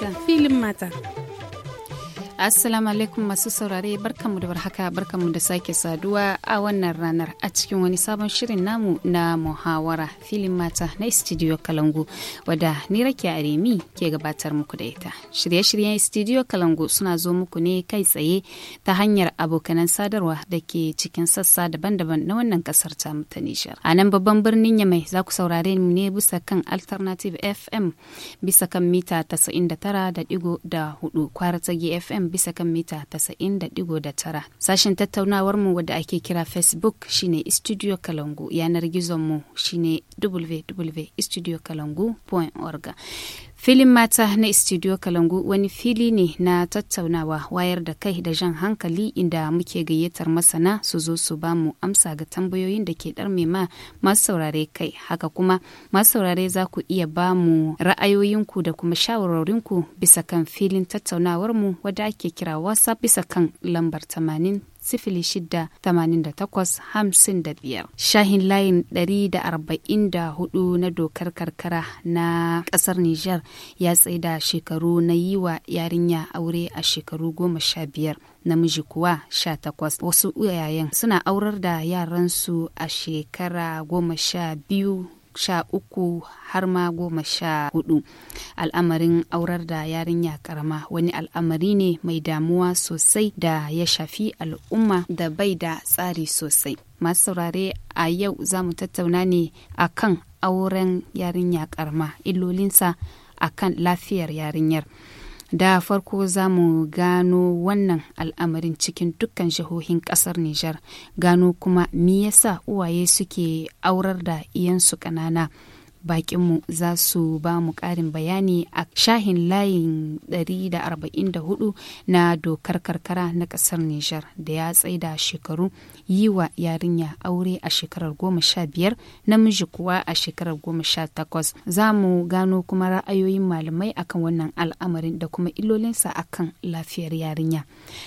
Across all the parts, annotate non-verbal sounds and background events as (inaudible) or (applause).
mata filin mata Assalamu alaikum masu saurare barkanmu da barkan barkanmu da sake saduwa a wannan ranar a cikin wani sabon shirin namu na muhawara filin mata na studio Kalangu wadda ni rakiya Aremi ke gabatar muku da ita. Shirye-shiryen studio Kalangu suna zo muku ne kai tsaye ta hanyar abokanan sadarwa da ke cikin sassa daban-daban na wannan kasar ta ta A nan babban birnin Yamai za ku saurare mu ne bisa kan Alternative FM bisa kan mita 99.4 kwara ta GFM nan bisa kan mita 90.9. Sashen tattaunawar mu wadda ake kira Facebook shine Studio Kalangu yanar gizon mu shine www.studiokalangu.org. Filin mata na Studio Kalangu wani fili ne na tattaunawa wayar da kai da jan hankali inda muke gayyatar masana su zo su ba mu amsa ga tambayoyin da ke ɗar ma masu saurare kai. Haka kuma masu saurare za ku iya ba mu ra'ayoyinku da kuma shawarorinku bisa kan filin tattaunawarmu wadda ake kira WhatsApp bisa kan lambar 80 sifili shida tamanin hamsin da biyar. Shahin layin ɗari da arba'in da hudu na dokar karkara na ƙasar Nijar ya tsaida shekaru na yi wa yarinya aure a shekaru goma sha biyar. namiji kuwa sha takwas wasu uyayen suna aurar da yaransu a shekara goma sha biyu sha uku har ma goma sha hudu al'amarin aurar da yarinya karama wani al'amari ne mai damuwa sosai da ya shafi al'umma da bai da tsari sosai masu saurare a yau za mu tattauna ne a kan auren yarinya karama illolinsa kan lafiyar yarinyar da farko za mu gano wannan al'amarin cikin dukkan jihohin kasar Nijar gano kuma me yasa uwaye suke aurar da iyansu ƙanana. bakinmu za su ba mu ƙarin bayani a shahin layin 144 na dokar karkara na kasar Nijar da ya da shekaru yi wa yarinya aure a shekarar 15 namiji kuwa a shekarar 18 za mu gano kuma ra'ayoyin malamai akan wannan al'amarin da kuma illolinsa akan lafiyar yarinya.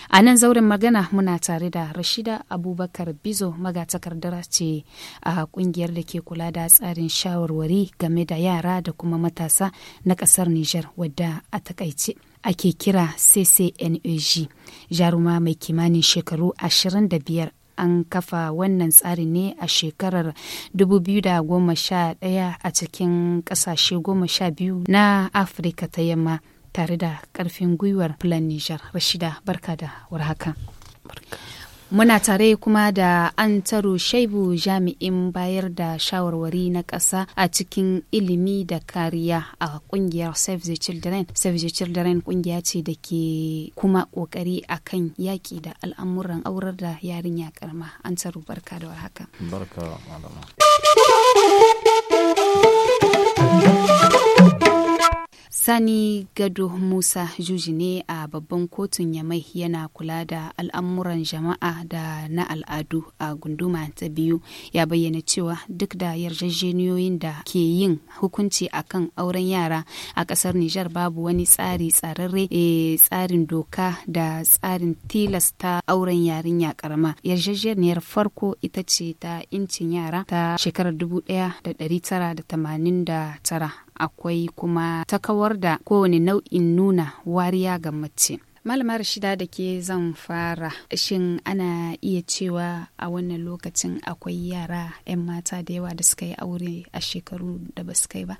A nan zauren magana muna tare da Rashida Abubakar Bizo magatakardar ce a kungiyar da ke kula da tsarin shawarwari game da yara da kuma matasa na kasar Nijar wadda a takaice ake kira CCNAG jaruma mai kimanin shekaru 25 an kafa wannan tsari ne a shekarar 2011 a cikin ƙasashe 12 na Afirka ta yamma tare da ƙarfin gwiwar Plan Nijar. Rashida, barka da warhaka. Barka. Muna tare kuma da an taro shaibu jami'in bayar da shawarwari na ƙasa a cikin ilimi da kariya a ƙungiyar Save the Children. Save the Children ƙungiya ce da ke kuma ƙoƙari a kan yaƙi da al'amuran aurar da yarinya karma. An taro barka da warhaka. Barka malama. (laughs) Sani Gado Musa Juji ne a babban kotun Yamai yana kula da al'amuran jama'a da na al'adu a gunduma ta biyu ya bayyana cewa duk da yarjejeniyoyin da ke yin hukunci akan auren yara a ƙasar Nijar babu wani tsari tsararre e tsarin doka da tsarin tilasta auren yarinya karama. Yarjejeniyar farko ita ce ta incin yara ta shekarar 1989 akwai kuma ta kawar da kowane nau'in nuna wariya ga mace malamar shida da ke zan fara shin ana iya cewa a wannan lokacin akwai yara 'yan mata da yawa da suka yi aure a shekaru da ba su kai ba?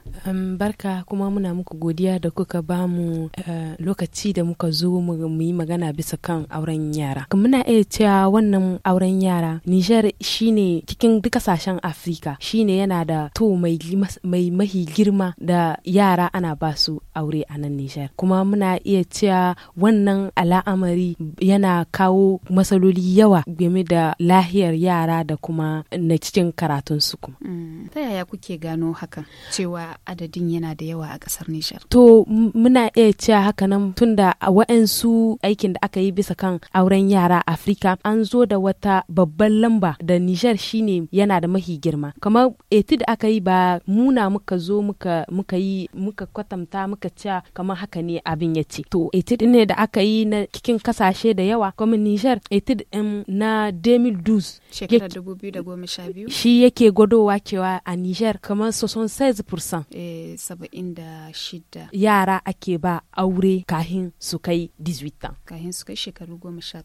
barka kuma muna muku godiya da kuka ba mu eh, lokaci da muka zo mu yi magana bisa kan auren yara. Muna iya cewa wannan auren yara Nijar shine cikin duk kasashen Afirka shine yana da to mai, mahi girma da yara ana ba su aure a nan Nijar. Kuma muna iya cewa wannan wannan al'amari yana kawo matsaloli yawa game da lahiyar yara da kuma na cikin karatun su kuma. Mm. Ta yaya kuke gano hakan cewa adadin yana da yawa a ƙasar Nijar? To muna iya cewa haka nan tunda a wa'ansu aikin da aka yi bisa kan auren yara Afirka an zo da wata babban lamba da Nijar shine yana da mahi girma. Kamar eti da aka yi ba muna muka zo muka muka yi muka kwatanta muka cewa kamar haka ne abin ya ce. To eti ne da aka yi yi na cikin kasashe da yawa kuma Niger etid um, na 2012 shekara shi yake gwadowa cewa a Niger kamar 76% eh 76 yara ake ba aure kahin su kai 18 kahin su kai shekaru 18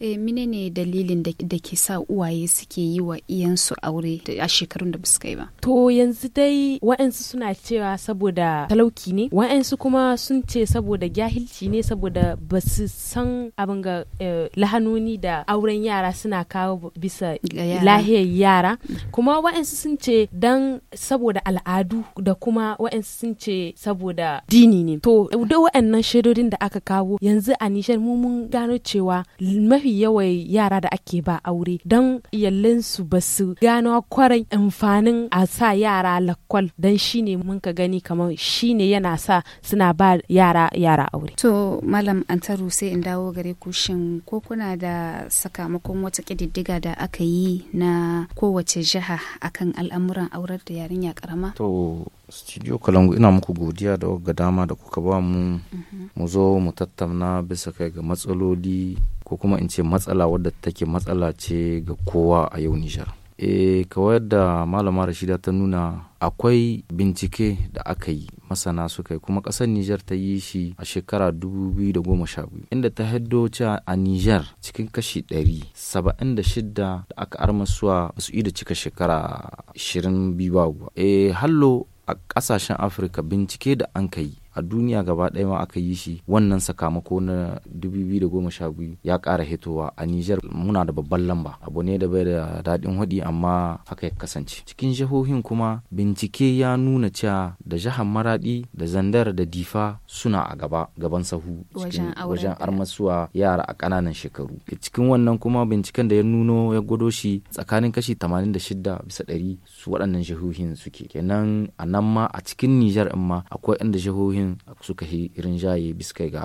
eh mine ne dalilin da ke sa uwaye suke yi wa iyansu aure a shekarun da basu kai ba to yanzu dai wa'ansu suna cewa saboda talauki ne wa'ansu kuma sun ce saboda jahilci ne saboda ba su san abin ga eh, lahanoni da auren yara suna kawo bisa lahiyar yara kuma wa'ansu sun ce dan saboda al'adu da kuma wa'ansu sun ce saboda dini ne to da wa'annan shaidodin da aka kawo yanzu a nishar mu mun gano cewa mafi yawan yara da ake ba aure dan yallinsu ba su gano kwarai amfanin a sa yara lakwal dan shine mun ka gani kamar shine yana sa suna ba yara yara aure to malam an antaru sai in dawo gare ku shin ko kuna da sakamakon wata ƙididdiga da aka yi na kowace jiha akan al'amuran aurar da yarinya karama? To studio kalangu ina muku godiya da ga dama da kuka ba mu mhm. mu zo mu tattauna bisa kai ga matsaloli ko kuma in ce matsala wadda take matsala ce ga kowa a yau nijar. e kawai da malama rashida ta nuna akwai bincike da aka yi masana suka yi kuma ƙasar Nijar ta yi shi a shekara 2012 inda ta haddo cewa a Nijar cikin kashi 176 da aka armasuwa su da cika shekara 22 biyu e hallo a ƙasashen Afirka bincike da an ka yi a duniya gaba ɗaya ma aka yi shi wannan sakamako na 2012 ya ƙara hitowa a Nijar muna da babban lamba abu ne da bai da daɗin haɗi amma haka ya kasance cikin jihohin kuma bincike ya nuna cewa da jihar Maraɗi da Zandar da Difa suna a gaba gaban sahu wajen armasuwa yara a ƙananan shekaru cikin wannan kuma binciken da ya nuno ya gwado shi tsakanin kashi 86 bisa ɗari su waɗannan jihohin suke kenan a nan ma a cikin Nijar ma akwai inda jihohin In suka yi rinjaye bisa ga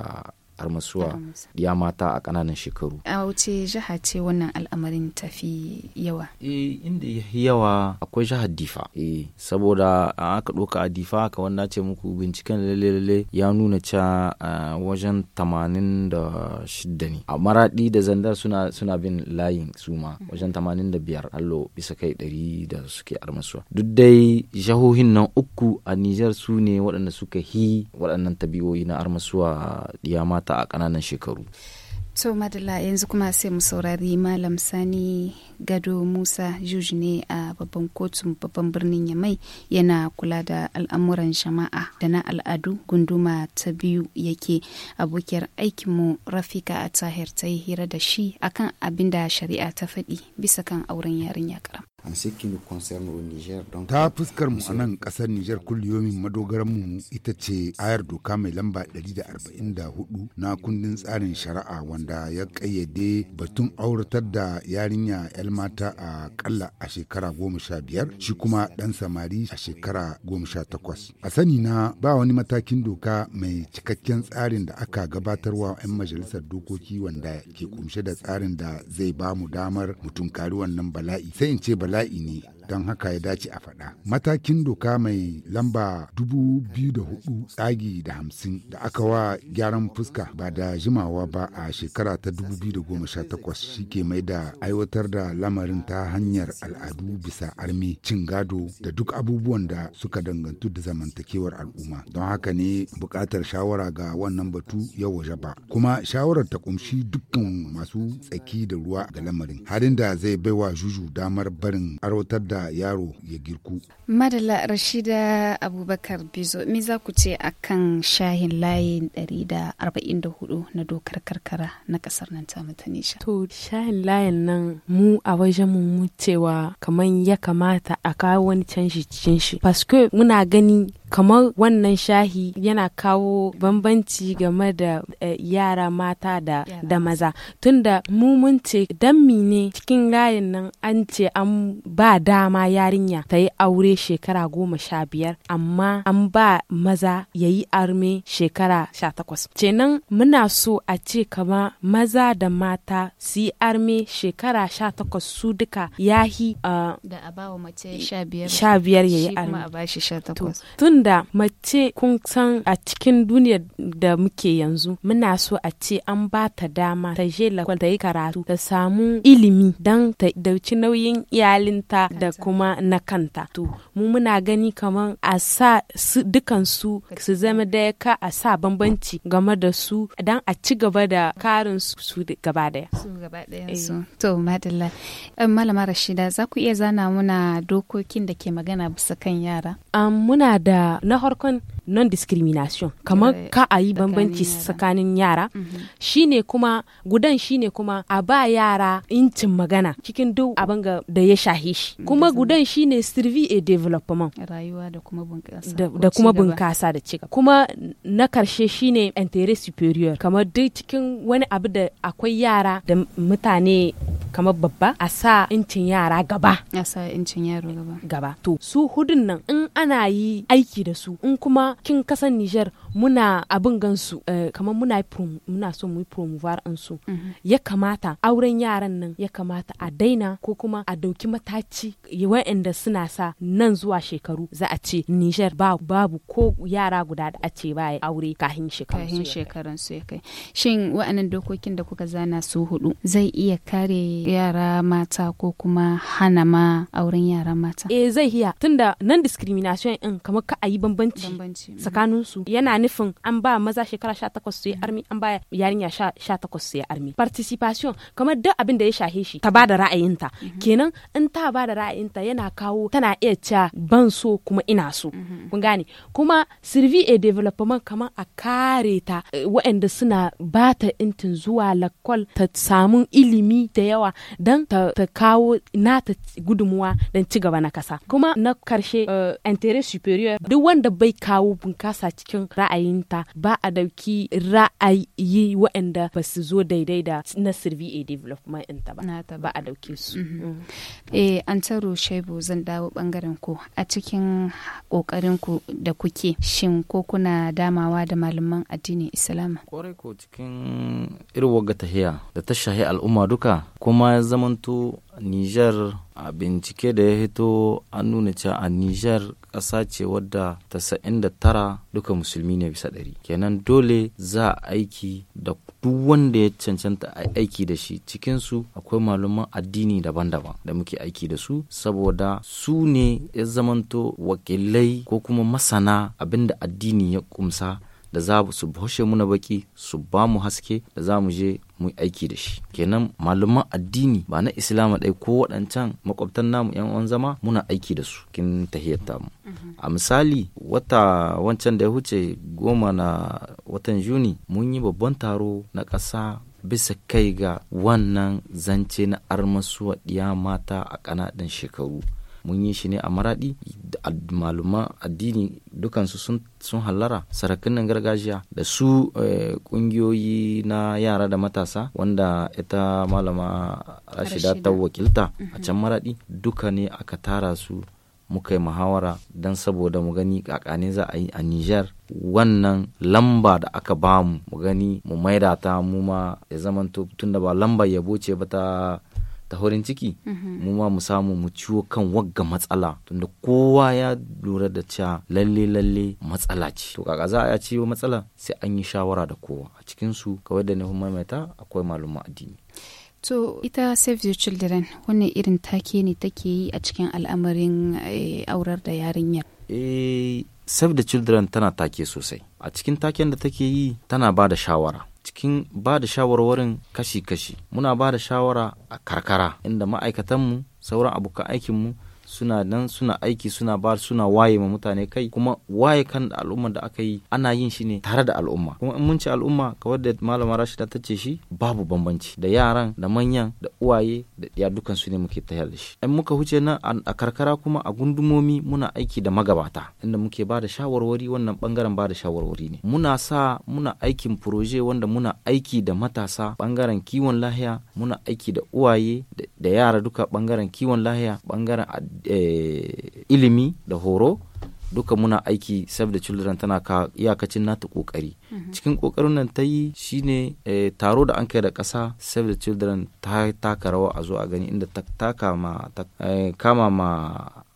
armasuwa ya mata a kananan shekaru a wuce jiha ce wannan al'amarin tafi yawa eh inda ya yawa akwai jihar difa eh saboda a aka ɗauka a difa ka wanda ce muku binciken lalle lalle ya nuna ca wajen tamanin da shidda ne a maraɗi da zandar suna suna bin layin suma mm. wajen tamanin da biyar allo bisa kai ɗari da suke armasuwa duk dai jihohin nan uku a nijar su ne waɗanda suka hi waɗannan tabi'o'i na armasuwa ya mata a ƙananan shekaru to madalla yanzu kuma sai mu saurari malam sani gado musa juj ne a babban kotun babban birnin yamai yana kula da al'amuran jama'a da na al'adu gunduma ta biyu yake abokiyar aikinmu rafika a tahir ta yi hira da shi akan abin da shari'a ta faɗi bisa kan auren yarinya karam ta fuskar mu a nan kasar niger kulliyomin madogaran mu ita ce ayar doka mai lamba 144 na kundin tsarin shari'a wanda ya kayyade batun auratar da yarinya 'yan mata a kalla a shekara goma sha biyar shi kuma dan samari a shekara goma takwas a sani na ba wani matakin doka mai cikakken tsarin da aka gabatarwa 'yan majalisar dokoki wanda ke kumshe da tsarin da zai ba mu damar mutum kari wannan bala'i sai in ce bala'i 在印尼。don haka ya dace a faɗa. Matakin doka mai lamba dubu biyu da hudu tsagi da hamsin da aka wa gyaran fuska ba da jimawa ba a shekara ta dubu biyu da goma sha takwas shi ke mai da aiwatar da lamarin ta hanyar al'adu bisa armi cin gado da duk abubuwan da suka dangantu da zamantakewar al'umma don haka ne buƙatar shawara ga wannan batu ya waje ba kuma shawarar ta kumshi dukkan masu tsaki da ruwa ga lamarin Harin da zai baiwa juju damar barin arwatar da sa yaro ya girku. Madala Rashida Abubakar Bizo, me za ku ce a kan shahin layin 144 na dokar karkara na kasar nan ta Mutanisha? To, shahin layin nan mu a wajen mu cewa kamar ya kamata a kawo wani canji cikin shi. Paske muna gani kamar wannan shahi yana kawo bambanci game da eh, yara mata da, da maza tunda mu mun ce dan mine cikin rayin nan an ce an ba dama yarinya ta yi aure shekara goma sha biyar amma an ba maza ya yi arme shekara sha takwas nan muna so a ce kama maza da mata su yi arme shekara sha takwas su duka yahi ah, da a ba wa mace sha biyar ya yi arme da mace kun san a cikin duniyar da muke yanzu muna so a ce an ba ta dama ta je lakwal ta yi karatu ta samu ilimi don ta dauci nauyin iyalinta da kuma na kanta to mu muna gani kamar a sa dukan su su zama daya ka a sa bambanci game da su don a ci gaba da karin su gaba da su gaba daya su to eh, malama rashida za ku iya zana muna dokokin da ke magana bisa kan yara muna da na harkon non discrimination kamar ka a yi bambanci tsakanin yara mhm. shine kuma gudan shine kuma a ba yara incin magana cikin duk abin da ya shahe shi mm, kuma gudan shine survey a development rayuwa da kuma bunkasa da kuma bunkasa da cika kuma na karshe shine entere superior kamar duk cikin wani abu da akwai yara da mutane kamar babba a sa incin yara gaba a sa incin yaro gaba gaba to su hudun nan in ana yi aiki da su in kuma kin kasan Niger muna abin gansu eh, kamar muna muna so mu yi ansu ya kamata auren yaran nan ya kamata a daina ko kuma a dauki mataci wa'anda suna sa nan zuwa shekaru za a ce Niger babu, ko yara guda da a ce baya aure kahin shekarun su ya kai shin wa'annan dokokin da kuka zana su hudu zai iya kare yara mata ko kuma hana ma auren yara mata eh zai iya tunda nan discrimination in kamar ka a yi bambanci tsakanin su yana nufin an ba maza shekara sha takwas su yi armi an ba yarinya sha takwas su yi armi participation kamar duk abin da ya shahe shi ta bada ra'ayinta mhm. kenan in ta bada ra'ayinta yana kawo tana iya cewa ban so kuma ina so mhm. kun gane kuma sirvi a development kamar a kare ta eh, waɗanda suna ba ta intin zuwa lakwal ta samu ilimi da yawa don ta kawo ta gudunmuwa don ci gaba na kasa kuma na karshe eh, intérêt supérieur duk wanda bai kawo kawo bunkasa cikin ra'ayinta ba a dauki ra'ayi waɗanda ba su zo daidai da na survey development ɗinta ba ba a dauke su mm-hmm. mm. eh an taro shaibu zan dawo bangaren ku a cikin kokarin ku da kuke shin ko kuna damawa da malaman addini islam kwarai ko cikin irin ga tahiya da ta shahi al'umma duka kuma ya zamanto niger a bincike da ya hito an nuna cewa a niger ƙasa ce wadda tasa'in da tara duka musulmi ne bisa ɗari kenan dole za a aiki da duk wanda ya cancanta a aiki da shi cikin su akwai malaman addini daban-daban da muke aiki da su saboda su ne ya zamanto wakilai ko kuma masana abinda addini ya kumsa da za su hoshe muna baki su ba mu haske da za mu je mu aiki da shi kenan malaman addini ba na islam ɗai ko waɗancan makwabtan namu yan uwan zama muna aiki da su kin tahiyar mu mhm. a misali wata wancan da ya huce goma na watan juni mun yi babban taro na ƙasa bisa kai ga wannan zance na armasuwa ɗiya mata a ƙanaɗin shekaru mun yi shi ne a maradi maluma addini dukansu sun hallara sarakunan gargajiya da su kungiyoyi eh, na yara da matasa wanda ita malama rashida ta wakilta a mhm. can maradi duka ne aka tara su muka yi muhawara don saboda mu gani kakane za a yi a Nijar wannan lamba da aka bamu mu gani mu maida ta mu ma ya zamanto tunda ba lamba yabo ce ba ta ta horin ciki mhm. mu ma mu samu mu ciwo kan wagga matsala tunda kowa ya lura da cewa lalle lalle matsala ce to kaka za a ciwo matsala sai an yi shawara da kowa a cikin su kawai da nufin maimaita akwai malumma addini to ita save your children wannan irin take ne take yi a cikin al'amarin eh, aurar da yarinyar eh save the children tana take sosai a cikin taken da take yi tana ba da shawara cikin ba da shawarwarin kashi-kashi muna ba da shawara a karkara inda ma'aikatanmu sauran abokan aikinmu suna nan suna aiki suna ba suna waye ma mutane kai kuma waye kan da al'umma da aka yi ana yin shi ne tare da al'umma kuma in mun ce al'umma kamar da malama rashida ta ce shi babu bambanci da yaran da manyan da uwaye da ya dukan su ne muke tayar da shi in muka huce nan a karkara kuma a gundumomi muna aiki da magabata inda muke ba da shawarwari wannan bangaren ba da shawarwari ne muna sa muna aikin proje wanda muna aiki da matasa bangaren kiwon lahiya muna aiki da uwaye da yara duka bangaren kiwon lahiya bangaren addini Eh, ilimi da horo duka muna aiki save the children tana ka iyakacin nata kokari mhm. cikin kokarin nan ta yi shine eh, taro da an kai da ƙasa save the children ta taka rawa a zo a gani inda ta eh, kama ma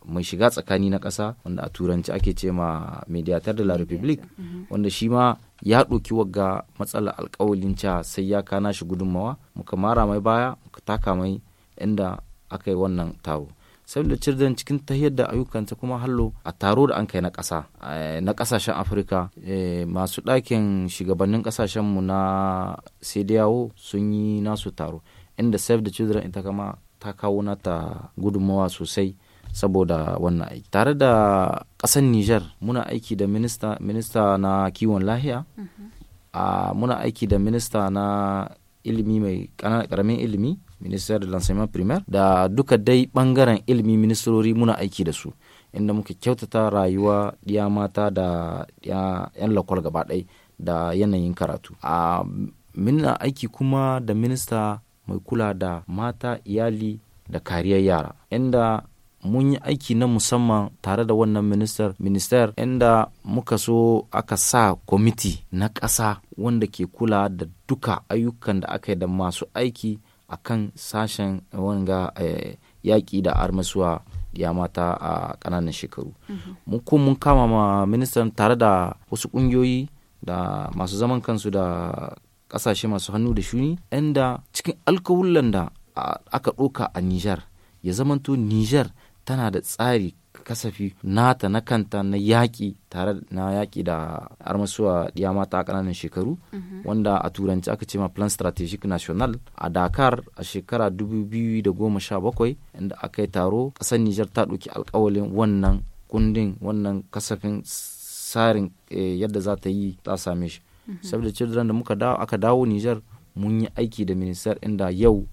mai shiga tsakani na ƙasa wanda a turanci ake ce ma mediator de la republique mhm. wanda shi ma ya ɗauki wagga matsalar alƙawalin ca sai ya kana shi gudunmawa muka mara mai baya muka taka mai inda aka yi wannan taro saboda cirdan cikin tahiyar da ayyukanta kuma hallo a taro da an kai na ƙasa eh, na ƙasashen afirka eh, masu ɗakin shugabannin ƙasashenmu na sediyawo sun yi nasu taro inda save the children ita kama ta kawo nata gudunmawa sosai saboda wannan aiki tare da ƙasar niger muna aiki da minista, minista na kiwon lahiya uh, muna aiki da minista na ilimi mai ƙaramin ilimi ministère da l'enseignement primaire da duka dai bangaren ilimi ministerori muna aiki da su inda muka kyautata rayuwa ya mata da yan lakwal gaba ɗai da yanayin karatu a muna aiki kuma da minista mai kula da mata iyali da kariyar yara inda mun yi aiki na musamman tare da wannan minister minister inda muka so aka sa kwamiti na ƙasa wanda ke kula da duka ayyukan da aka yi da masu aiki a kan sashen wanga eh, yaƙi da armasuwa ya mata a ƙananan shekaru mm-hmm. mun ko mun kama ma ministan tare da wasu ƙungiyoyi da masu zaman kansu da ƙasashe masu hannu da shuni inda cikin alkawullan da aka ɗoka a nijar ya zamanto nijar tana da tsari kasafi nata na kanta na yaƙi tare na yaƙi da armasuwa ɗiya mata ƙananan shekaru mhm. wanda a turanci aka ce ma plan strategic national a dakar a shekara 2017 inda aka yi taro ƙasar nijar ta ɗauki alƙawalin wannan kundin wannan kasafin tsarin eh, yadda za ta yi ta same shi mhm. saboda children da muka dawo aka dawo nijar mun yi aiki da minisar inda yau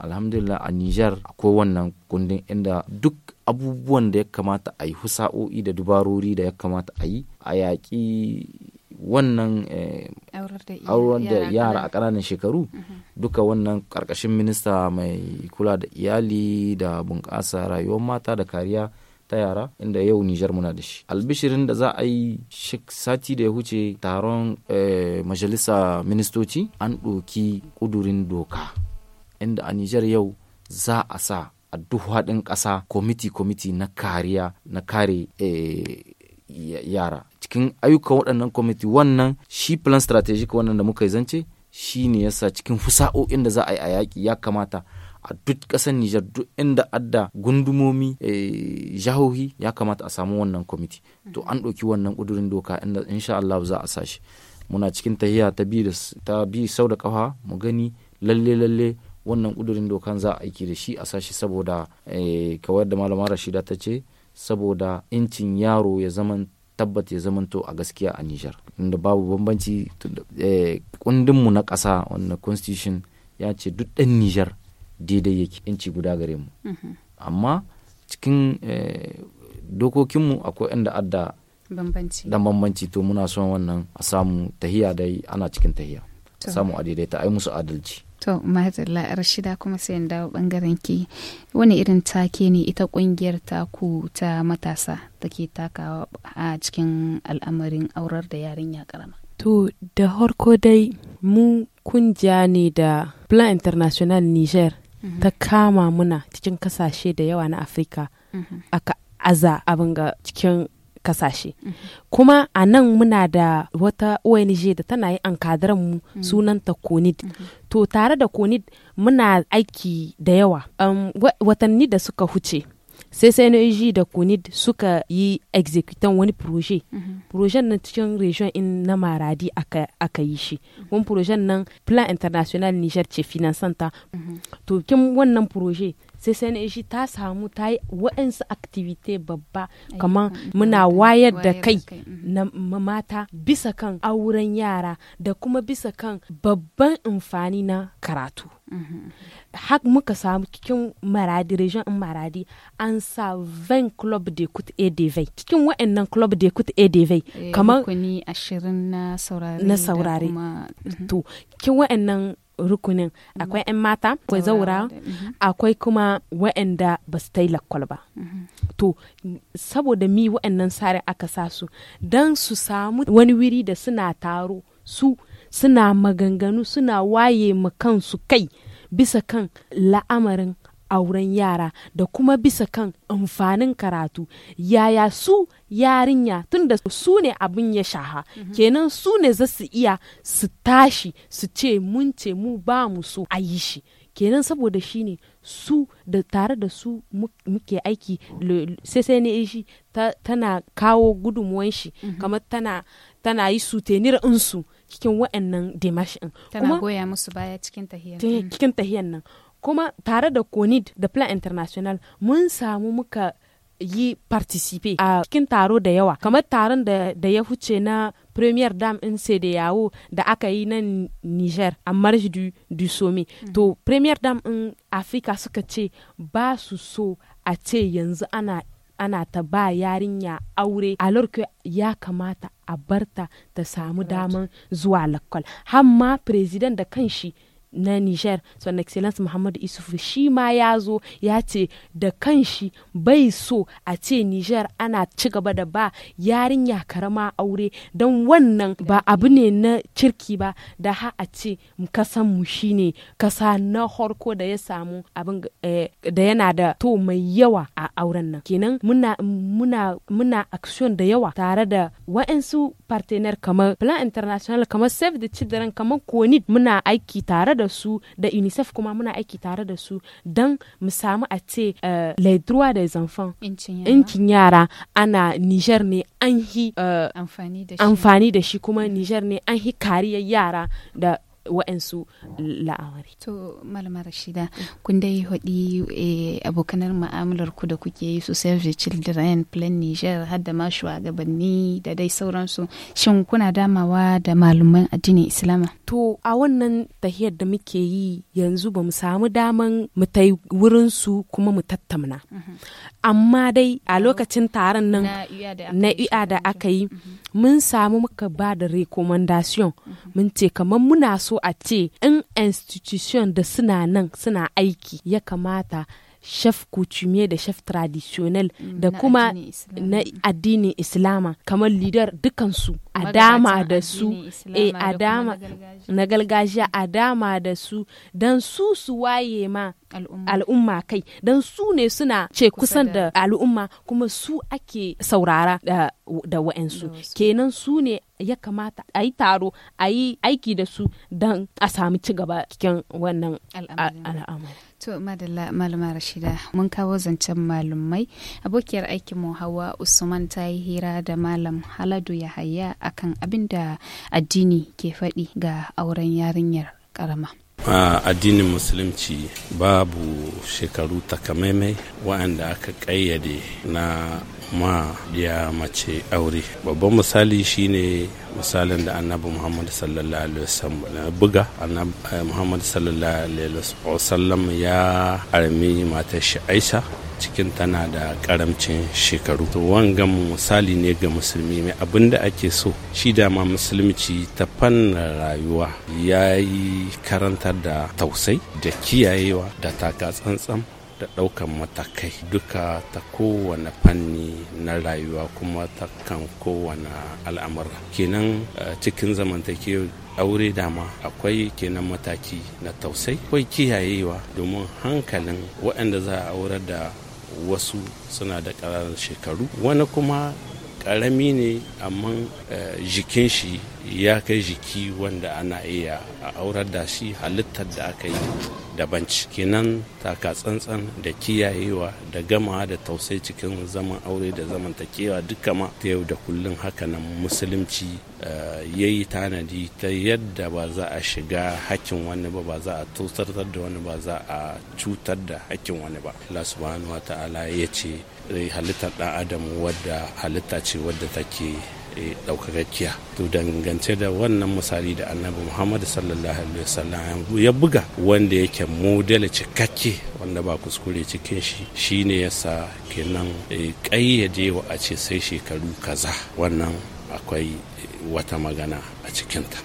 alhamdulillah a nijar ko wannan kundin inda duk abubuwan da ya kamata a yi husa'o'i da dubarori da ya kamata a yi a yaƙi wannan eh, auren da yara a ƙananan shekaru mm-hmm. duka wannan ƙarƙashin minista mai kula da iyali da bunƙasa rayuwar mata da kariya ta yara inda yau Nijar muna da shi. Albishirin da za a yi sati da ya huce taron eh, majalisa ministoci an ɗoki ƙudurin doka inda a Nijar yau za a sa a duk haɗin ƙasa kwamiti-kwamiti na kariya na kare eh, yara cikin ayyukan waɗannan kwamiti wannan shi plan strategic wannan da muka yi zance shi ne yasa cikin fusa'o'in da za a yi a yaƙi ya kamata a duk ƙasar Nijar duk inda adda gundumomi eh, jahohi ya kamata a samu wannan kwamiti to an ɗauki wannan ƙudurin doka inda insha Allah za a sashi muna cikin tahiya ta bi sau da ƙafa mu gani lalle lalle wannan kudurin dokan za a aiki da shi a sashi saboda eh, kawar da malama rashida ta ce saboda incin yaro ya zaman tabbat ya zamanto a gaskiya a nijar inda babu bambanci eh, kundinmu na ƙasa wannan constitution ya ce duk ɗan nijar daidai yake inci guda gare mu mhm. amma cikin eh, dokokinmu akwai inda adda bambanci dan bambanci to muna son wannan a samu tahiya dai ana cikin tahiya samun adidaita ai musu adalci to madalla rashida kuma sai in dawo bangaren ki wani irin take ne ita kungiyar taku ta matasa da ke takawa a cikin al'amarin aurar da yarinya karama to da harko dai mu kungiya ne da plan international niger mhm. ta kama muna cikin kasashe da yawa na afirka mhm. aka aza abin ga cikin kasashe mhm. kuma a nan muna da wata ong da tana yi an mu sunan mhm. ta sunanta conid mhm. to tare da konid muna aiki da yawa um, watanni da suka huce sai cng e da conid suka yi exekutan wani proje projen na cikin region in na maradi aka, aka yi shi wani projen nan plan international niger ce finansanta to kin wannan proje sai sai na shi ta samu ta yi wa'ansu activity babba kamar muna wayar da kai mm. na mata bisa kan auren yara da kuma bisa kan babban amfani na karatu mm-hmm. har muka samu cikin maradi region in maradi an sa 20 club de kut edevai cikin wa'annan club de kut edevai eh, kamar ashirin na saurari na saurari mm-hmm. to cikin wa'annan rukunin mm-hmm. akwai 'yan mata akwai zaura mm-hmm. akwai kuma wa'anda ba su ta yi lakwal ba mm-hmm. to saboda mi wa'annan sare aka sa su don su samu wani wuri da suna taro su suna maganganu suna waye ma kansu kai bisa kan la'amarin auren yara da kuma bisa kan amfanin karatu yaya su yarinya tunda su ne abin ya shaha mhm. kenan su ne za su iya su tashi su ce mun ce mu ba mu so a yi shi kenan saboda shi ne su da tare da su muke aiki sai sai ne shi tana kawo gudunmuwan shi mhm. kamar tana tana yi tenir insu cikin wa'annan dimashin tana goya musu baya cikin tahiyan nan kuma tare da conid da plan international mun samu muka yi participe a cikin taro da yawa kamar taron da ya huce na premier dam in yawo da aka yi nan niger a marge du, du mm. to premier dam in afirka suka ce ba su so a ce yanzu ana ana ta ba yarinya aure a ya kamata a barta ta samu daman zuwa lakwal hamma president da kanshi na nijar son excellence Muhammadu Isuf shi ma ya zo ya ce da kanshi bai so a ce nijar ana ci gaba da ba yarinya karama aure don wannan ba abu ne na cirki ba da ha a ce kasan mu shine kasa na harko da ya samu abin eh, da yana da to mai yawa a auren nan kenan muna muna muna action da yawa tare da wa'ansu partner kamar plan international kamar save the children kamar konid muna aiki tare da su da unicef kuma muna aiki tare da su don mu samu a ce uh, les droits des enfants incin yara ana niger ne an yi eh, amfani da shi kuma niger ne an yi kariyar yara da wa'ansu la'amari To malama Rashida kun dai haɗi eh, abokanar mu'amalar ku da kuke yi su Save the Children Plan Niger har da ma shugabanni da dai sauransu shin kuna damawa da malaman addinin Islama? To a wannan tahiyar da muke yi yanzu ba mu samu daman mu tai wurin su kuma mu tattamna. Mhm. Amma dai a lokacin taron nan na iya da aka yi mhm. mun samu muka ba da recommendation mhm. mun ce kamar muna so so a ce in institution da suna nan suna aiki ya kamata chef coutumier da chef traditionnel mm, da kuma na addinin islama kamar leader dukansu a dama da su eh, a dama na gargajiya a dama da su don su su waye ma al'umma kai don su ne suna ce kusan da al'umma kuma su ake saurara da, da wa'ansu kenan su ne ya kamata a yi taro a yi aiki da su don a sami ci gaba cikin wannan al'amari to madalla malama rashida mun kawo zancen malumai abokiyar aikin mu hawa usman ta yi hira da malam haladu yahaya akan abin da addini ke faɗi ga auren yarinyar karama a addinin musulunci babu shekaru takamaimai waɗanda aka ƙayyade na ma ya mace aure babban misali shine misalin da annabi muhammad sallallahu alaihi wasallam buga annabi eh, muhammad sallallahu alaihi wasallam ya armi matar shi aisha cikin tana da karamcin shekaru to wangan misali ne ga musulmi mai abin da ake so shi dama musulmici ta fannin rayuwa ya yi karantar da tausai da kiyayewa da taka tsantsan da ɗaukan matakai duka ta kowane fanni na rayuwa kuma ta kan kowane al'amura kenan cikin zamantake aure dama akwai kenan mataki na tausai akwai kiyayewa domin hankalin waɗanda za a aura da wasu suna da ƙararar shekaru wani kuma ƙarami ne amma jikin shi ya kai jiki wanda ana iya a aurar da shi halittar da aka yi daban kenan taka tsantsan da kiyayewa da gama da tausai cikin zaman aure da zamantakewa duka ma ta yau da kullum nan musulunci eh, ya yi tanadi ta yadda ba za a shiga hakkin wani ba ba za a tosartar da wani ba za a cutar da hakkin wani ba Allah subhanahu wa ta'ala ya ce eh, halittar ɗan adam wadda halitta ce wadda take daukakakkiya eh, to dangance da wannan misali da annabi muhammadu sallallahu alaihi wasallam ya buga wanda yake modela cikakke wanda ba kuskure cikin shi shi ne ya sa kenan eh, wa a ce sai shekaru kaza wannan akwai eh, wata magana a cikinta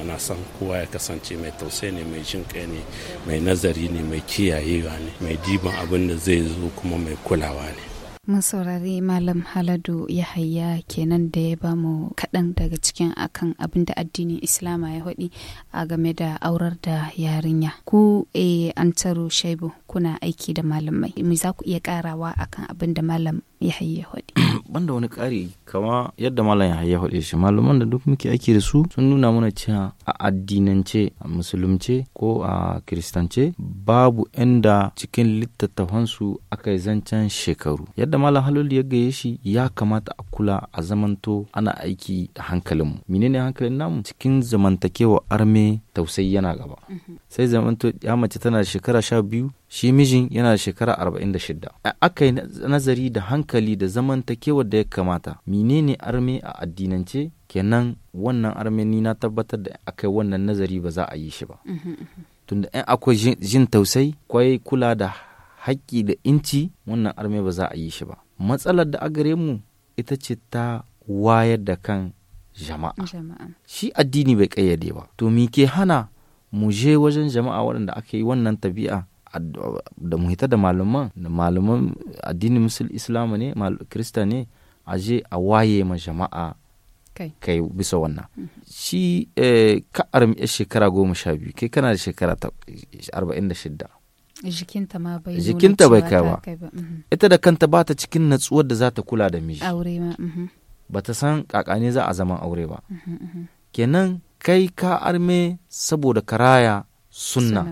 ana san kowa ya kasance mai tausayi ne mai jin kai ne mai nazari ne mai kiyayewa ne mai diban abin da zai zo kuma mai kulawa ne Mun saurari Malam Haladu ya Yahaya kenan da ya ba mu kaɗan daga cikin akan abin da addinin Islama ya haɗi a game da aurar da yarinya. Ku e eh, an taro shaibu kuna aiki da malamai. mu za ku iya ƙarawa akan abin da Malam ya hayye hudi (clears throat) banda wani ƙari kama yadda malam ya hayye hudi shi malaman da duk muke aiki da su sun nuna mana cewa a addinance a musulunce ko a kiristance babu inda cikin littattafansu aka yi zancen shekaru yadda malam halalu ya gaye shi ya kamata a kula a zamanto ana aiki da hankalinmu menene hankalin namu cikin zamantakewa arme tausayi yana gaba mhm. sai zamanto ya mace tana da shekara sha biyu shi mijin yana da shekara arba'in da shida aka yi nazari da hankali da zamantakewar da ya kamata menene arme a addinance kenan wannan arme ni na tabbatar da akai wannan nazari ba za a yi shi ba mhm, mhm. tunda in akwai jin tausayi kwai kula da haƙƙi da inci wannan arme ba za a yi shi ba matsalar da a gare mu ita ce ta wayar da kan jama'a shi addini bai kayyade ba to mi ke hana mu je wajen jama'a waɗanda aka yi wannan tabi'a da mu hita da malaman da malaman addinin musul islamu ne krista ne a je a waye ma jama'a kai bisa wannan mhm. shi eh, ka armi shekara goma sha biyu kai kana da shekara arba'in da shidda jikinta ma bai kai ba mhm. ita da kanta ba ta cikin natsuwar da za ta kula da miji ba ta san kakane za a zaman aure ba mhm, mhm. kenan kai ka arme saboda karaya sunna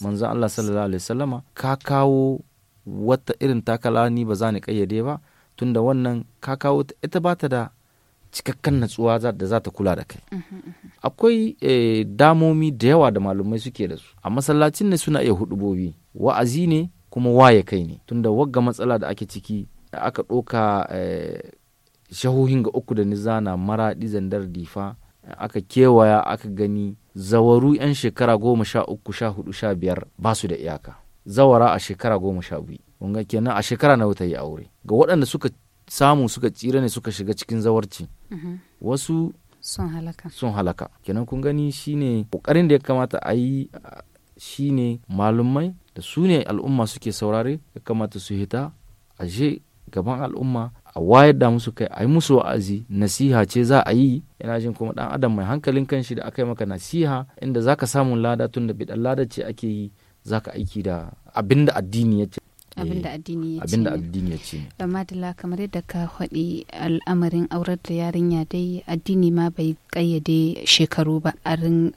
manzo Allah sallallahu alaihi wasallama ka kawo wata irin takala ni ba za ni kayyade ba tunda wannan ka kawo ita ba ta da cikakken natsuwa da za ta kula da kai mhm, akwai eh, damomi da yawa da malumai suke da su a masallacin ne suna iya hudubobi wa'azi ne kuma waye kai ne tunda wagga matsala da ake ciki aka ɗoka eh, shahohin ga uku da ni zana maraɗi zandar difa aka kewaya aka gani zawaru 'yan shekara goma sha uku sha hudu sha biyar ba su da iyaka zawara a shekara goma sha biyu wanga kenan a shekara nawa ta yi aure ga waɗanda suka samu suka tsira ne suka shiga cikin zawarci mhm. wasu sun halaka sun halaka kenan kun gani shine kokarin da ya kamata a yi shine malumai da su ne al'umma suke saurare ya kamata su hita a gaban al'umma a wayar da musu kai a yi musu wa'azi nasiha ce za a yi yana jin kuma dan adam mai hankalin kan shi da aka yi maka nasiha inda zaka samun lada tun da bidan lada ce ake yi zaka aiki da abinda addini ya ce abinda eh, addini ya ce abinda addini ya ce da madala kamar yadda ka faɗi al'amarin aurar da yarinya dai addini ma bai kayyade shekaru ba a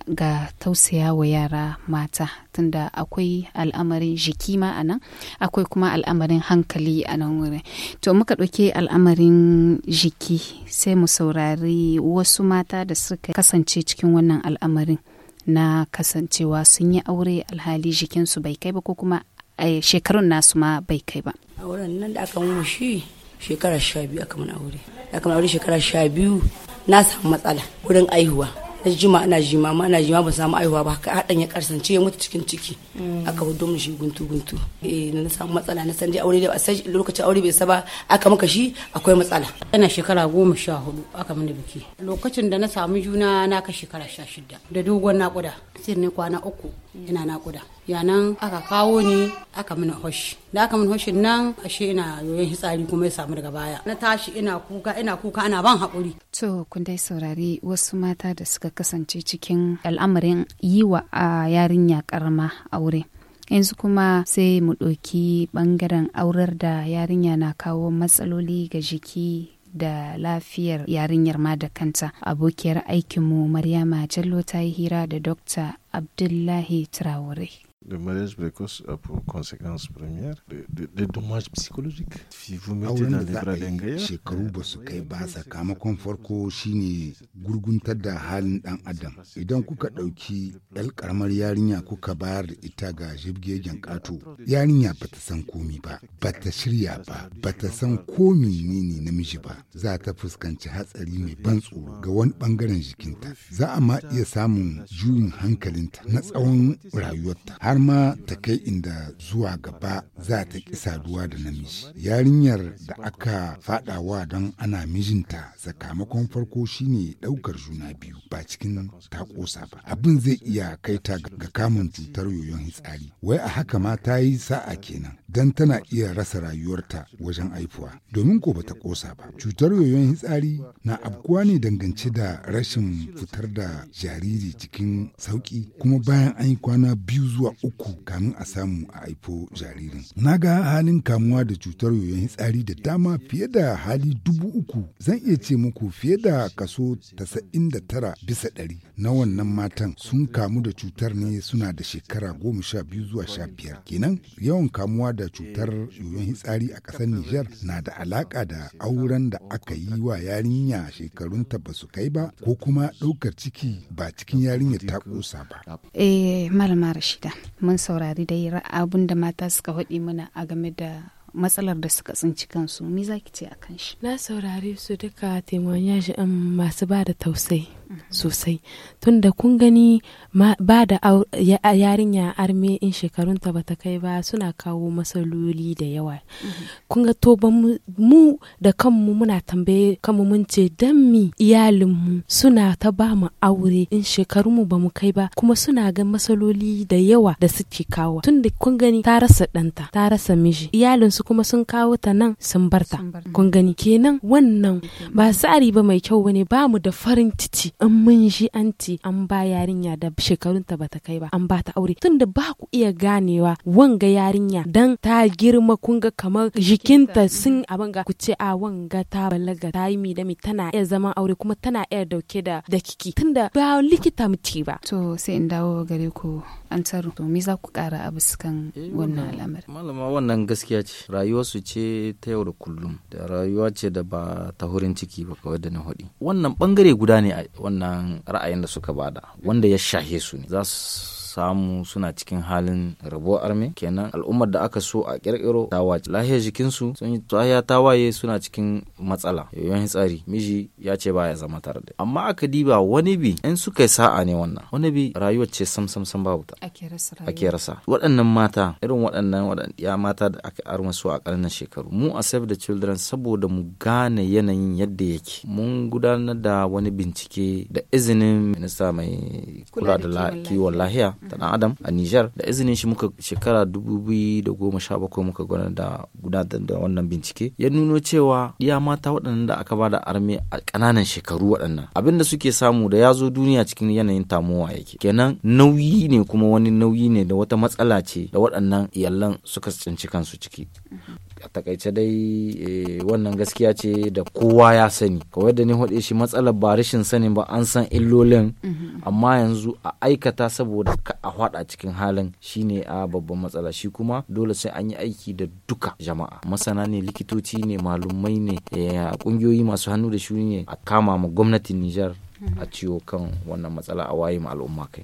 ga tausaya wa yara mata tunda akwai al'amarin jiki ma a nan akwai kuma al'amarin hankali a nan wurin to muka ɗauke al'amarin jiki sai mu saurari wasu mata da suka kasance cikin wannan al'amarin na kasancewa sun yi aure alhali jikinsu bai kai ba ko kuma Eh, shekarun nasu ma bai kai ba a wurin nan da aka mu shi shekara sha biyu aka mana aure aka mana aure shekara sha biyu na samu matsala wurin aihuwa na jima ana jima ma ana jima ba samu aihuwa ba haka hadan ya karsance ya mutu cikin ciki mm. aka hudo mu shi guntu guntu eh na samu matsala na san dai aure da sai lokacin aure bai saba aka maka shi akwai matsala ina shekara goma sha hudu aka mini biki lokacin da na samu juna na ka shekara sha shida da dogon nakuda sai ne kwana uku ina nakuda yanan aka kawo ni aka mini hosh da aka mini hoshin nan ashe ina yoyon hitsari kuma ya samu daga baya na tashi ina kuka ina kuka ana ban hakuri. to kun dai saurari wasu mata da suka kasance cikin al'amarin yi wa yarinya karama aure yanzu kuma sai mu ɗauki ɓangaren aurar da yarinya na kawo matsaloli ga jiki da lafiyar yarinyar ma da kanta abokiyar aikinmu maryama jallo ta yi hira da dokta abdullahi traore Le mariage précoce a euh, pour conséquence première des de, de dommages psychologiques. Si vous mettez dans les bras d'un Shekaru eh, eh, ba su kai ba sakamakon farko shine gurguntar da halin dan adam. Idan kuka ɗauki yar karamar yarinya kuka bayar da ita ga jibgegen ƙato, yarinya ba ta san komi ba, ba ta shirya ba, ba ta san komi ne ne namiji ba. Za ta fuskanci hatsari mai ban tsoro ga wani jikinta. Za a ma iya samun juyin hankalinta na tsawon rayuwarta har har ma ta kai inda zuwa gaba za ta ƙi saduwa da namiji yarinyar da aka faɗawa don ana mijinta sakamakon farko shine ɗaukar juna biyu ba cikin ta ƙosa ba abin zai iya kai ta ga kamun cutar yoyon hitsari wai a haka ma ta yi sa'a kenan don tana iya rasa rayuwarta wajen haifuwa domin ko bata kosa ba cutar yoyon hitsari na abkuwa ne dangance da rashin fitar da jariri cikin sauki kuma bayan an yi kwana biyu zuwa uku kamin a samu a aifo jaririn na ga halin kamuwa da cutar yoyon hitsari da dama fiye da hali dubu uku zan iya ce muku fiye da kaso tasa'in da tara bisa ɗari na wannan matan sun kamu da cutar ne suna da shekara goma sha biyu zuwa sha biyar kenan yawan kamuwa da cutar yoyon hitsari a ƙasar Nijar na da alaƙa da auren da aka yi wa yarinya shekarunta ba su kai ba ko kuma ɗaukar ciki ba cikin yarinya ta ƙusa ba. Eh malama Rashida mun saurari dai abun da mata suka haɗi mana a game da matsalar da suka tsinci kansu me za ki ce a kan shi na saurari su duka taimakon um, yashi masu ba da tausayi sosai tunda kun gani ba da yarinya arme in shekarunta bata kai ba suna kawo matsaloli da yawa mm-hmm. kun ga to mu da kanmu muna tambaye kanmu mun ce dan mi iyalinmu suna ta ba mu aure in shekarunmu ba mu kai ba kuma suna ga matsaloli da yawa da suke kawo tunda kun gani ta rasa danta ta rasa miji iyalinsu kuma sun kawo ta nan sun barta kun gani kenan wannan ba tsari ba mai kyau bane ba mu da farin ciki in mun ji an ci. an ba yarinya da shekarunta ta kai ba an ba ta aure tunda ba ku iya ganewa wanga yarinya dan ta girma kun kamar jikinta sun mm. abin ga ku ce a wanga ta balaga ta yi mi da mi tana iya zaman aure kuma tana iya dauke da da kiki tunda ba likita muke ba to sai in dawo gare ku an to me za ku kara a sukan eh, wannan malama wannan gaskiya ce su ce ta yau da kullum da rayuwa ce da ba ta hurin ciki ba kawai da na hudi wannan bangare guda ne wannan ra'ayin da suka bada wanda ya shahe su ne za su samu suna cikin halin rabo arme kenan al'ummar da aka so a kirkiro ta wace lahiyar jikinsu sun yi tsaya waye suna cikin matsala yoyon tsari miji ya ce baya zama tare da amma aka diba wani bi in suka yi sa'a ne wannan wani bi rayuwar ce sam sam sam babu ta ake rasa waɗannan mata irin waɗannan ya mata da aka arma su a ƙarnin shekaru mu a save the children saboda mu gane yanayin yadda yake mun gudanar da wani bincike da izinin minista mai kula da kiwon lahiya ta dan adam a Niger da izinin shi muka shekara 2017 muka gudanar da gudanar da wannan bincike ya nuno cewa iya mata waɗannan da aka bada arme a ƙananan shekaru waɗannan abin da suke samu da ya zo duniya cikin yanayin tamowa yake kenan nauyi ne kuma wani nauyi ne da wata matsala ce da waɗannan iyalan suka tsinci kansu ciki mhm. a takaice dai eh, wannan gaskiya ce da kowa ya sani kawai da ni haɗe shi matsalar ba rashin sani ba an san illolin mhm. amma yanzu a aikata saboda a hada cikin halin shine a babban matsala shi kuma dole sai an yi aiki da duka jama'a masana ne likitoci ne malumai ne a eh, kungiyoyi masu hannu da shuni ne a kama ma gwamnatin Nijar a mhm. ciwo kan wannan matsala a waye ma al'umma kai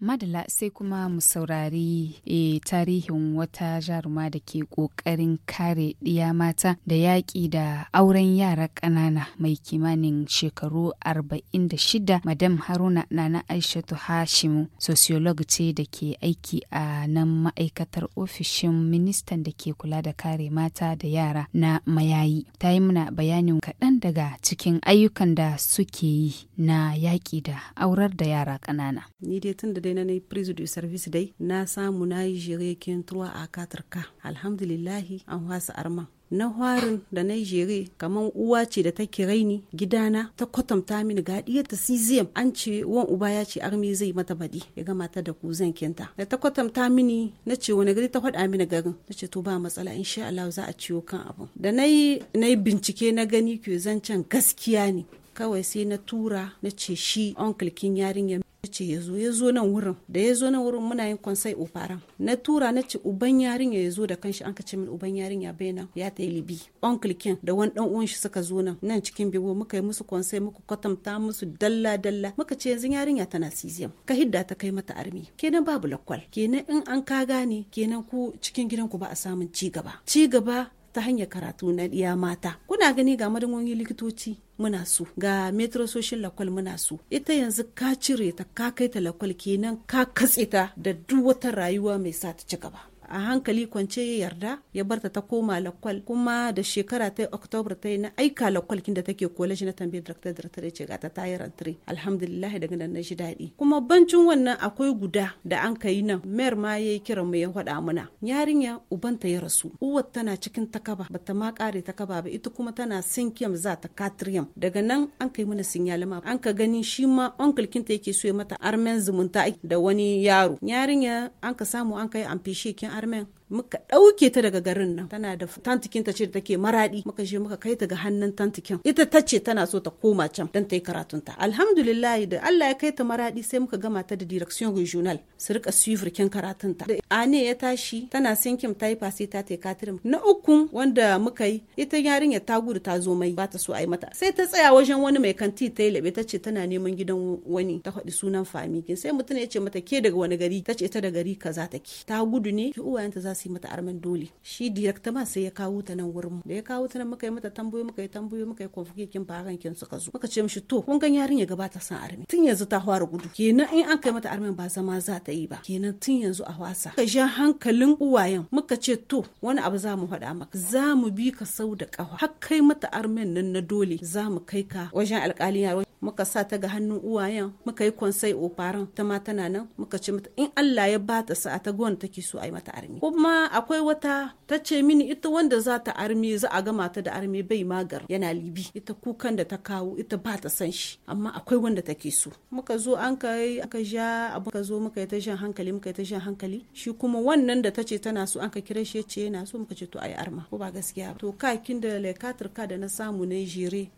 madala sai kuma mu saurari e, tarihin wata jaruma da ke ƙoƙarin kare ɗiya mata da yaƙi da auren yara ƙanana mai kimanin shekaru 46 madam haruna nana aishatu hashimu sociologue ce da ke aiki a nan ma'aikatar ofishin ministan da ke kula da kare mata da yara na mayayi ta yi muna bayanin kaɗan daga cikin ayyukan da suke yi na yaƙi da aurar da yara ƙanana ni dai da dai na nayi prison du service dai na samu na yi jirekin a katarka alhamdulillahi an wasa arma na harin da na jere kamar uwa ce da ta kirai ni gidana ta kwatanta mini ga ta cesium an ce wan uba ya ce armi zai mata baɗi ya gama ta da kuzan kinta da ta kwatanta mini na ce wani gari ta faɗa mini garin na ce to ba matsala insha Allah za a ciwo kan abu da na yi bincike na gani ke zancen gaskiya ne kawai sai na tura na ce shi onkilkin yarinyar ce ya zo ya zo nan wurin da ya zo nan wurin muna yin kwansai oparan na tura na ce uban yarinya ya zo da kanshi an ka ce min uban yarinya bai nan ya ta libi an ken da wani dan uwan shi suka zo nan nan cikin bibo muka yi musu konsai muka kwatanta musu dalla dalla muka ce yanzu yarinya tana sizium ka hidda ta kai mata armi kenan babu lakwal kenan in an ka gane kenan ku cikin gidan ku ba a samun ci gaba ci gaba ta hanyar karatu na ɗiya mata kuna gani ga madangonin likitoci muna su ga metrososhin lakwal muna su ita yanzu ka cire ta ka kai ta lakwal kenan ka katse ta da duk wata rayuwa mai sa ta ci gaba a hankali kwance ya yarda ya barta ta koma lakwal kuma da shekara ta oktobar ta na aika lakwal kin da take college na tambayar director director ya ce ga ta yi entry alhamdulillah daga nan na shi daɗi kuma bancin wannan akwai guda da an kai nan mayor ma yayi kiran mu ya faɗa mana. yarinya ubanta ya rasu uwar tana cikin takaba bata ma kare takaba ba ita kuma tana sinkiyam za ta katriyam daga nan an kai mana sinyalama an ka gani shi ma uncle kinta yake so ya mata armen zumunta da wani yaro yarinya an ka samu an kai amfishe kin Carmen muka ɗauke ta daga garin nan tana da tantikin ta ce da take maraɗi. muka je muka kai ta ga hannun tantikin ita ta ce tana so ta koma can dan ta yi karatun ta alhamdulillah da Allah ya kai ta maraɗi. sai muka gama ta da direction regional su rika suivre karatun ta a ne ya tashi tana sinkim ta yi fasi ta ta katirin na uku wanda muka yi ita yarinya ta gudu ta zo mai ba ta so a yi mata sai ta tsaya wajen wani mai kanti ta yi labe ta ce tana neman gidan wani ta faɗi sunan famikin sai mutum ya ce mata ke daga wani gari ta ce ita da gari kaza take ta gudu ne ki uwayenta za su yi mata armen dole shi direkta ma sai ya kawo ta nan wurin mu da ya kawo ta nan muka yi mata tambayoyi muka yi tambayoyi muka yi konfuke kin ba hakan kin suka zo muka ce mishi to kun gan yarin ya gabata san arme tun yanzu ta fara gudu kenan in an kai mata armen ba zama za ta yi ba kenan tun yanzu a wasa ka ja hankalin uwayen muka ce to wani abu za mu faɗa maka za mu bi ka sau da ƙafa har kai mata armen nan na dole za mu kai ka wajen alƙalin yaro muka sa ta ga hannun uwayen muka yi konsai ofaran ta ma tana nan muka ce mata in Allah ya ba ta sa'a ta gwan take so a yi mata armi ko kuma akwai wata ta ce mini ita wanda za ta arme za a gama ta da arme bai magar yana libi ita kukan da ta kawo ita ba ta san shi amma akwai wanda take so muka zo an kai aka ja abu ka zo muka yi ta jan hankali muka yi ta jan hankali shi kuma wannan da ta ce tana so an ka kira shi ce yana so muka ce to ai arma ko ba gaskiya ba to kakin da lekatar ka da na samu na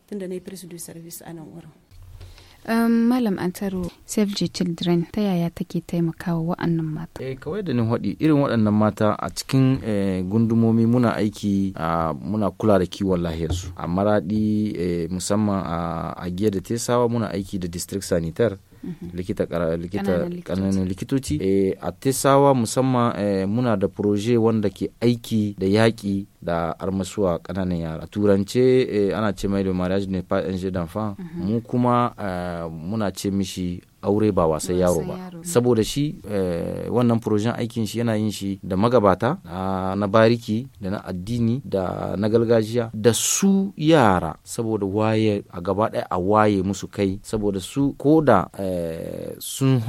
tun da na yi presidio service a nan wurin Um, Malam taro Save the Children ta yaya take taimakawa wa'annan mata? Eh, kawai da ni haɗi irin waɗannan mata a cikin eh, gundumomi muna aiki muna kula da kiwon lahiyarsu. A maradi eh, musamman a, a giya da tesawa muna aiki da district sanitar. likita ƙananan likitoci eh, a tesawa musamman eh, muna da proje wanda ke aiki da yaƙi da armasuwa ƙananan yara turance eh, ana ce mai da mariage ne pas un d'enfant mhm. mu kuma muna ce mishi aure ba wasan yaro ba saboda shi eh, wannan projen aikin shi yana yin shi da magabata na bariki da na addini da na gargajiya da su yara saboda waye a gaba ɗaya a waye musu kai saboda su ko da eh, sun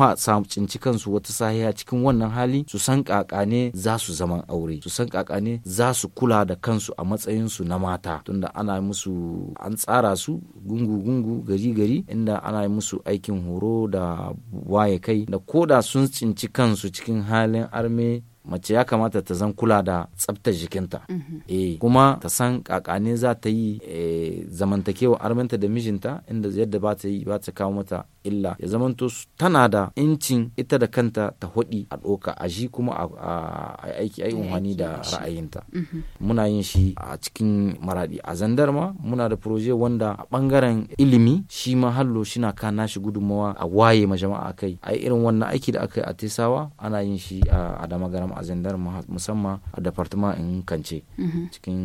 cinci kansu wata sahiya cikin wannan hali su san kakane za su zaman aure su san kakane za su kula da kansu a matsayin su na mata tunda ana musu an tsara su gungu-gungu gari-gari inda ana musu aikin horo da da waye kai da koda sun tsinci kansu cikin halin arme mace ya kamata ta zan kula da tsabtar jikinta mhm. eh kuma ta san kakane za ta yi eh, zamantakewa arminta da mijinta inda yadda ba ta yi ba ta kawo mata illa ya zamanto tana da incin ita da kanta ta hudi a ɗoka a ji kuma a aiki ai unhani da ra'ayinta mhm. muna yin shi a cikin maradi a zandar ma muna da proje wanda a bangaren ilimi shi ma hallo shi na ka nashi gudunmawa a waye ma jama'a kai ai irin wannan aiki da aka yi a tesawa ana yin shi a damagaram a zandar musamman a departement in kance mhm. cikin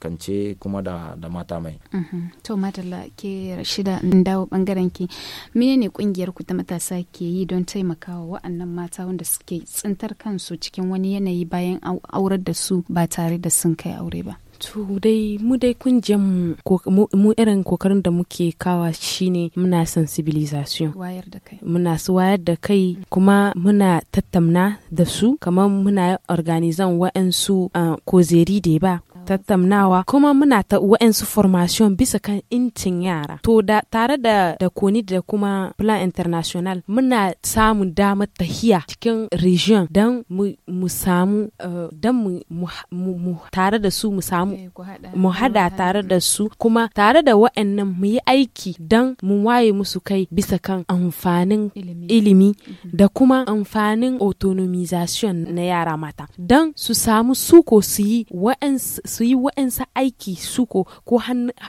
kance kuma da mata mai mhm. to madalla ke rashida dawo bangaren ki menene kungiyar ku ta matasa ke yi don taimakawa wa'annan mata wanda suke tsintar kansu cikin wani yanayi bayan aurar da su ba tare da sun kai aure ba To dai mu dai kungiyar mu irin kokarin da muke kawa shine muna sensibilization. Wayar da kai. Muna su wayar da kai kuma muna tattamna da su kamar muna organizan wa'ansu zeri ah, da ba tattaunawa kuma muna ta wa'ansu formation bisa kan incin yara to da tare da da koni da kuma plan international muna samun damar tahiya cikin region don mu samu eh, don mu tare da su mu samu eh, mu hada tare da su kuma tare da wa'annan mu yi aiki dan mu waye musu kai bisa kan amfanin ilimi mhm. da kuma amfanin autonomization na yara mata dan su samu suko su yi wa'ansu su yi wa'ansa aiki suko ko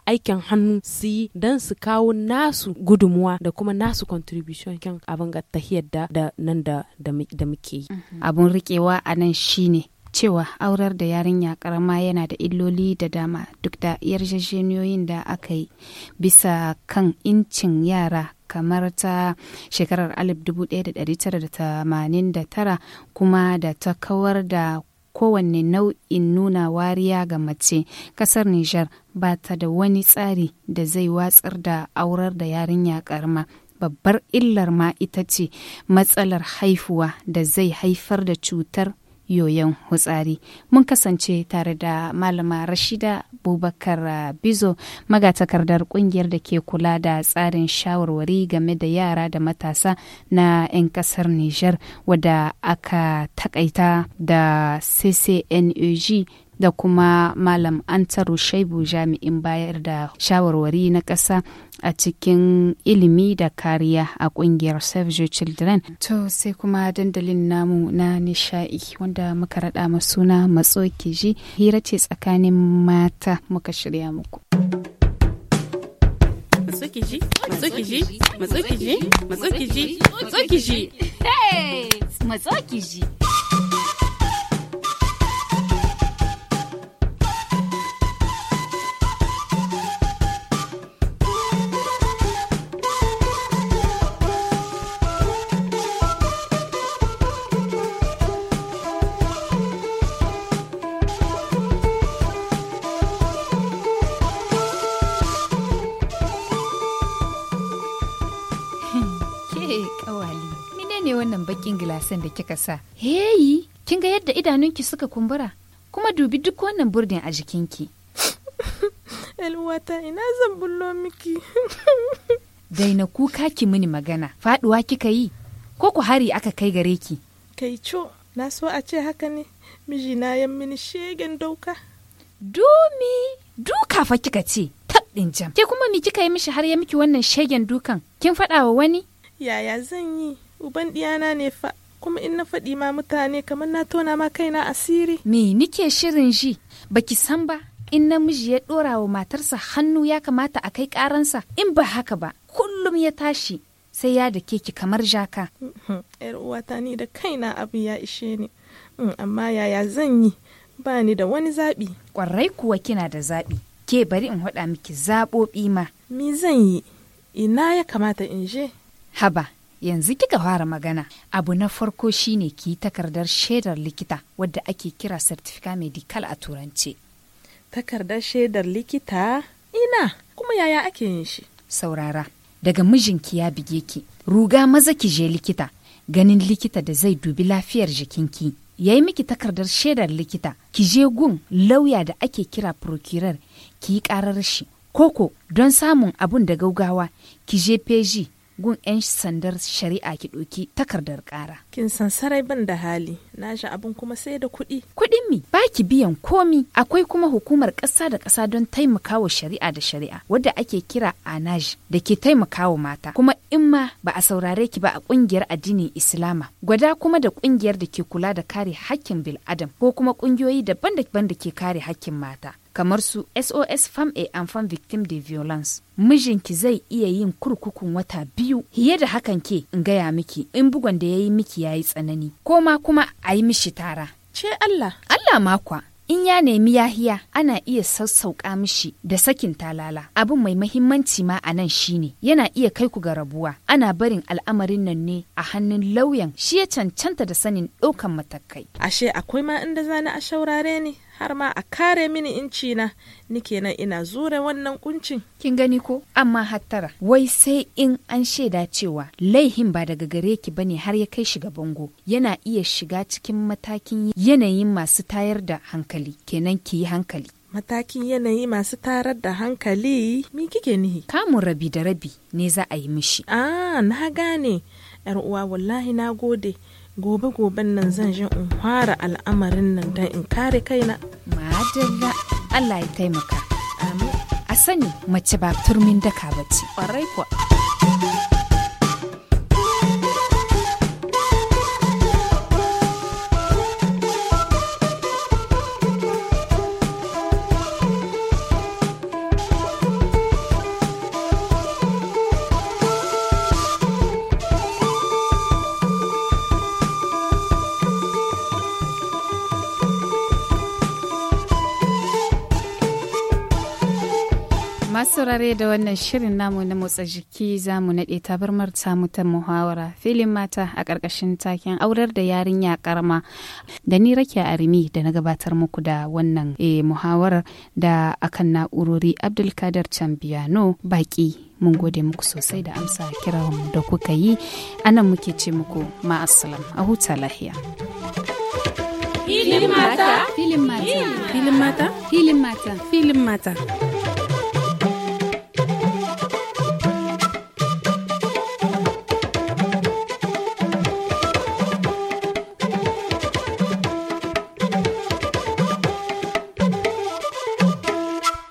aikin hannu su yi don su kawo nasu gudunmuwa da kuma nasu contribution kan abin ga tahiyar da nan da muke yi mhm. abun riƙewa a nan shi ne. cewa aurar da yarinya karama yana da illoli da dama duk da yarjejeniyoyin da aka yi bisa kan incin yara kamar ta shekarar 1989 kuma da ta kawar da kowanne nau'in nuna wariya ga mace kasar nijar ba ta da wani tsari da zai watsar da aurar da yarinya karma babbar illar ma ita ce matsalar haifuwa da zai haifar da cutar yoyon hutsari mun kasance tare da malama rashida bubakar bizo magatakardar kungiyar da ke kula da tsarin shawarwari game da yara da matasa na 'yan kasar niger wadda aka takaita da ccnug da kuma malam antaru shaibu jami'in bayar da shawarwari na ƙasa a cikin ilimi da kariya a ƙungiyar save Your children to sai kuma dandalin namu na nishaɗi wanda muka raɗa masuna matso kiji hira ce tsakanin mata muka shirya muku matso matsukiji matsukiji matsukiji matsukiji matsukiji kawali, eh, mine ne wannan bakin gilasan da kika sa? Heyi, kin ga yadda idanunki suka kumbura? Kuma dubi duk wannan burdin a jikinki. Elwata, (laughs) ina zan bullo miki. (laughs) Daina kuka ki mini magana, faduwa kika yi, ko ku hari aka kai gare ki. Kai co, na so a ce haka ne, mijina ya mini shegen dauka. Dumi, duka fa kika ce. taɗin jam. Ke kuma mi kika yi mishi har ya miki wannan shegen dukan? Kin faɗa wa wani? yaya zan yi uban diyana ne fa kuma in na faɗi ma mutane kamar na tona ma kaina asiri me nike shirin ji baki san ba in namiji ya ɗora wa matarsa hannu ya kamata a kai ƙaransa in ba haka ba kullum ya tashi sai ya da keki kamar jaka yar uwata ni da kaina abu ya ishe ni mm, amma yaya zan yi ba ni da wani zaɓi ƙwarai kuwa kina da zaɓi ke bari in haɗa miki zaɓoɓi ma me zan yi ina ya kamata in je Haba, yanzu kika fara magana. Abu na farko shine ki takardar shaidar likita wadda ake kira certificate medical a Turanci. Takardar shaidar likita? Ina, kuma yaya ake yin shi? Saurara, daga mijinki ya bige ki, ruga maza ki je likita, ganin likita da zai dubi lafiyar jikinki. Ya yi miki takardar shaidar likita, ki je gun lauya da ake kira procurer, ki yi ƙarar shi. Koko, don samun abun da gaugawa, ki je peji gun 'yan sandar shari'a ki doki takardar kara Kin san sarai ban da hali, na sha abin kuma sai da kuɗi. Kuɗin mi, ba ki biyan komi, akwai kuma hukumar ƙasa da ƙasa don taimakawa shari'a da shari'a, wadda ake kira ANAJ da ke taimakawa mata, kuma in ma ba a saurare ki ba a ƙungiyar addinin Islama, gwada kuma da ƙungiyar da ke kula da kare hakkin bil'adam ko kuma ƙungiyoyi daban-daban da ke kare hakkin mata. kamar su SOS Fam A and Fam Victim de Violence. Mijinki zai iya yin kurkukun wata biyu, hiye da hakan ke in gaya miki in bugon da ya yi miki ya yi tsanani, ko ma kuma a yi mishi tara. Ce Allah. Allah makwa. in ya nemi yahiya ana iya sassauƙa mishi da sakin talala abin mai mahimmanci ma a nan ne yana iya kai ku ga rabuwa ana barin al'amarin nan ne a hannun lauyan shi ya cancanta da sanin ɗaukan matakai ashe akwai ma inda zani a shaurare ne har ma a kare mini inci na nike nan ina zure wannan kuncin kin gani ko amma hattara wai sai in an shaida cewa laihin ba daga gare ki bane har ya kai shiga bango yana iya shiga cikin matakin yanayin masu tayar da hankali kenan ki yi hankali matakin yanayi masu tarar da hankali mi kike nihi kamun rabi da rabi ne za a yi mishi ah na gane yar uwa wallahi na gode gobe goben nan zan je in fara al'amarin nan don in kare kai kaina madalla Allah ya taimaka amin a sani mace ba turmin daka ce. kwarai kuwa saurare da wannan shirin namu na motsa jiki za mu naɗe tabarmar tamu ta muhawara filin mata a ƙarƙashin taken aurar da yarinya karama da ni rake arimi da na gabatar muku da wannan e, muhawarar da akan na'urori abdulkadir cambiano baki mun gode muku sosai da amsa kiran da kuka yi anan muke ce muku ma'asalam a huta lahiya. Filin mata, filin mata, filin mata, filin mata, filin mata.